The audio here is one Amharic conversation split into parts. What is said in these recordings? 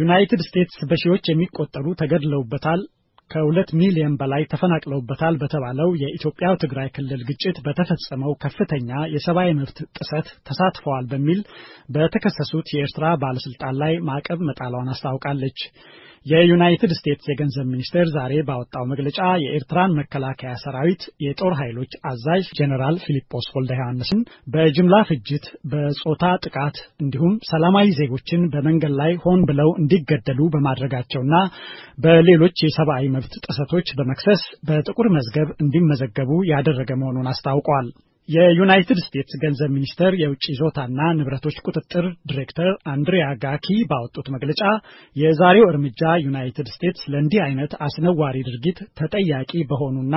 ዩናይትድ ስቴትስ በሺዎች የሚቆጠሩ ተገድለውበታል ከሁለት ሚሊዮን በላይ ተፈናቅለውበታል በተባለው የኢትዮጵያው ትግራይ ክልል ግጭት በተፈጸመው ከፍተኛ የሰብአዊ መብት ጥሰት ተሳትፈዋል በሚል በተከሰሱት የኤርትራ ባለስልጣን ላይ ማዕቀብ መጣሏን አስታውቃለች። የዩናይትድ ስቴትስ የገንዘብ ሚኒስቴር ዛሬ ባወጣው መግለጫ የኤርትራን መከላከያ ሰራዊት የጦር ኃይሎች አዛዥ ጄኔራል ፊሊጶስ ወልደ ዮሐንስን በጅምላ ፍጅት፣ በጾታ ጥቃት እንዲሁም ሰላማዊ ዜጎችን በመንገድ ላይ ሆን ብለው እንዲገደሉ በማድረጋቸውና በሌሎች የሰብአዊ መብት ጥሰቶች በመክሰስ በጥቁር መዝገብ እንዲመዘገቡ ያደረገ መሆኑን አስታውቋል። የዩናይትድ ስቴትስ ገንዘብ ሚኒስቴር የውጭ ይዞታና ንብረቶች ቁጥጥር ዲሬክተር አንድሪያ ጋኪ ባወጡት መግለጫ የዛሬው እርምጃ ዩናይትድ ስቴትስ ለእንዲህ አይነት አስነዋሪ ድርጊት ተጠያቂ በሆኑና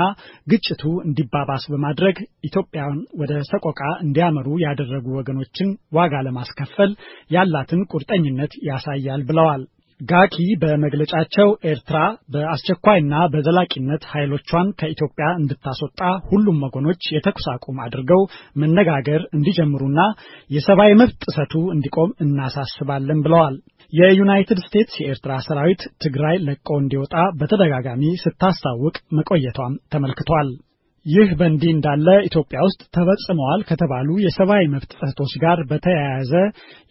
ግጭቱ እንዲባባስ በማድረግ ኢትዮጵያን ወደ ሰቆቃ እንዲያመሩ ያደረጉ ወገኖችን ዋጋ ለማስከፈል ያላትን ቁርጠኝነት ያሳያል ብለዋል። ጋኪ በመግለጫቸው ኤርትራ በአስቸኳይና በዘላቂነት ኃይሎቿን ከኢትዮጵያ እንድታስወጣ ሁሉም ወገኖች የተኩስ አቁም አድርገው መነጋገር እንዲጀምሩና የሰብአዊ መብት ጥሰቱ እንዲቆም እናሳስባለን ብለዋል። የዩናይትድ ስቴትስ የኤርትራ ሰራዊት ትግራይ ለቆ እንዲወጣ በተደጋጋሚ ስታስታውቅ መቆየቷም ተመልክቷል። ይህ በእንዲህ እንዳለ ኢትዮጵያ ውስጥ ተፈጽመዋል ከተባሉ የሰብአዊ መብት ጥሰቶች ጋር በተያያዘ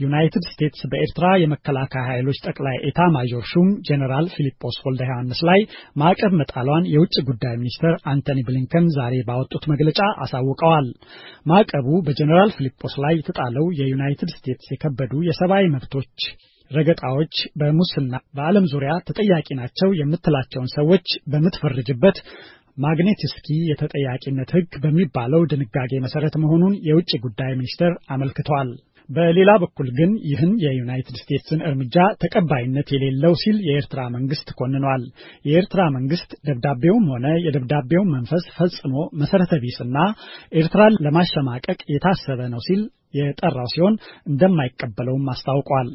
ዩናይትድ ስቴትስ በኤርትራ የመከላከያ ኃይሎች ጠቅላይ ኤታ ማዦር ሹም ጄኔራል ፊሊጶስ ወልደ ዮሐንስ ላይ ማዕቀብ መጣሏን የውጭ ጉዳይ ሚኒስትር አንቶኒ ብሊንከን ዛሬ ባወጡት መግለጫ አሳውቀዋል። ማዕቀቡ በጄኔራል ፊሊጶስ ላይ የተጣለው የዩናይትድ ስቴትስ የከበዱ የሰብአዊ መብቶች ረገጣዎች በሙስና በዓለም ዙሪያ ተጠያቂ ናቸው የምትላቸውን ሰዎች በምትፈርጅበት ማግኔትስኪ የተጠያቂነት ሕግ በሚባለው ድንጋጌ መሰረት መሆኑን የውጭ ጉዳይ ሚኒስቴር አመልክቷል። በሌላ በኩል ግን ይህን የዩናይትድ ስቴትስን እርምጃ ተቀባይነት የሌለው ሲል የኤርትራ መንግስት ኮንኗል። የኤርትራ መንግስት ደብዳቤውም ሆነ የደብዳቤው መንፈስ ፈጽሞ መሰረተ ቢስና ኤርትራን ለማሸማቀቅ የታሰበ ነው ሲል የጠራው ሲሆን እንደማይቀበለውም አስታውቋል።